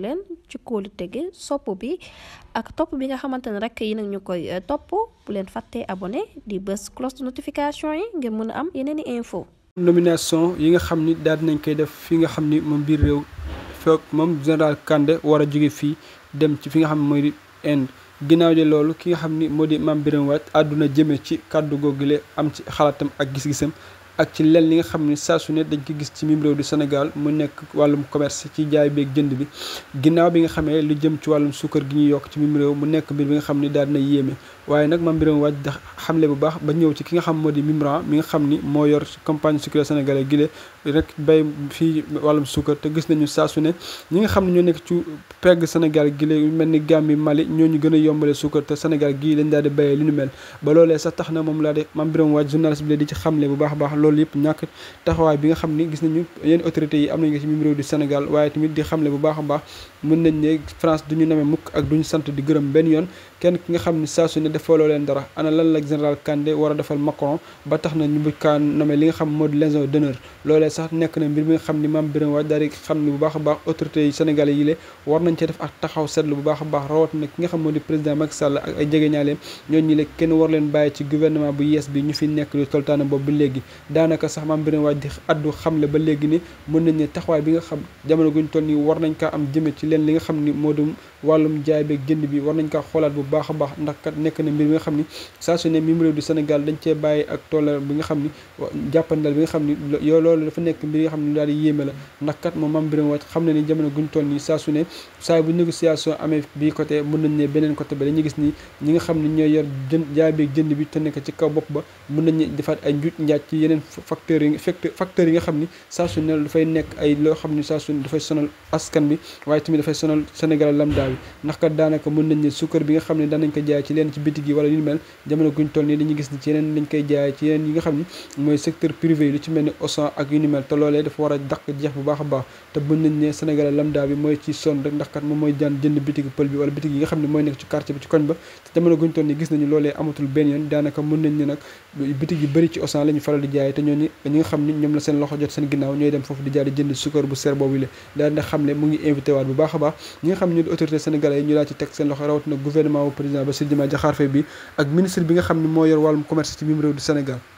leen ci kóolu tege sopp bi ak topp bi nga xamante ne rek yi nag ñu koy euh, topp bu leen fàttee abonné di bés cloche de notification yi ngir mën a am yeneen info nomination yi nga xam ni daal dinañ koy def fi nga xam ni moom biir réew foog moom général Kandé war a jóge fii dem ci fi nga xam ne mooy Inde ginnaaw de loolu ki nga xam ni moo di Mame Birame Wathie àdduna jëme ci kàddu googule am ci xalaatam ak gis-gisam ak ci leen li nga xam ne saa su ne ko gis ci mim réew du Sénégal mu nekk wàllum commerce ci jaay beek jënd bi ginnaaw bi nga xamee lu jëm ci wàllum suukar gi ñuy yokk ci mim réew mu nekk mbir bi nga xam ne daal dina yéeme waaye nag ma mbiram waaj xamle bu baax ba ñëw ci ki nga xam moo di Mimran mi nga xam ni moo yor campagne sucrière sénégalais gile rek bay fii wàllum suukar te gis nañu saa su ne ñi nga xam ne ñoo nekk ci pegg Sénégal gile yu mel ni Gambie Mali ñoo ñu gën yombale suukar te Sénégal gii lañ daal di béyee li ñu mel ba loolee sax tax na moom laa mam biram waaj di ci xamle bu baax a baax loolu yëpp ñàkk taxawaay bi nga xam ni gis nañu yenn autorités yi am nañ ko di Sénégal waaye tamit di xamle bu baax a baax mën nañ ne France duñu name mukk ak duñu sant di gërëm benn yoon kenn ki nga xam ne saa su ne defaloo leen dara ana lan la général Kandé war a defal Macron ba tax na ñu bëgg kaa nommé li nga xam moo di Légion d'honneur sax nekk na mbir mi nga xam ni maam Birame Wathie daal di xam a baax autorités yi sénégalais yi le war nañ cee def ak taxaw seetlu bu a baax rawat na ki nga xam moo di président Macky Sall ak ay jegeñaaleem ñooñu ñi le kenn war leen bàyyi ci gouvernement bu yees bi ñu fi nekk lu toltaana boobu ba léegi daanaka sax maam Birame Wathie di addu xamle ba léegi ni mën nañ ne taxawaay bi nga xam jamono guñ toll nii war nañ kaa am jëme ci leen li nga xam ni moo dum wàllum jaay beeg jënd bi war nañ kaa xoolaat bu baax a baax ndax kat nekk na mbir mi nga xam ni saa su ne mim réew du Sénégal dañ cee bàyyi ak xam ni jàppandal bi nga xam ni nekk mbir yi nga xam ne daal di yéeme la ndax kat moom Mame Birame Wathie xam na ni jamono guñ toll ne saa bu négociation ba dañuy gis ni ñi nga xam ne ñooy yor jënd jaay beeg jënd bi te nekk nañ defaat ay njuuj njaaj ci yeneen facteurs yi facteurs yi nga xam ni saa su ne dafay nekk ay loo xam ni saa su ne dafay sonal askan bi waaye tamit dafay sonal Sénégal lam daa bi ndax kat daanaka mën nañ ne sukkar bi nga xam ne danañ ko jaay ci leen ci bitig yi wala ñu mel jamono guñ toll nii dañuy gis ni ci yeneen lañ koy jaay ci yeneen yi nga xam ni mooy secteur privé yi lu ci mel ni a dàq jeex a baax autorité sénégalais yi ñu laa ci teg seen loxo rawatina gouvernement bu président Bassirou Diomaye Diakhar Faye bi ak ministre bi nga xam xam ne moo yor wàllum commerce ci biir réew du Sénégal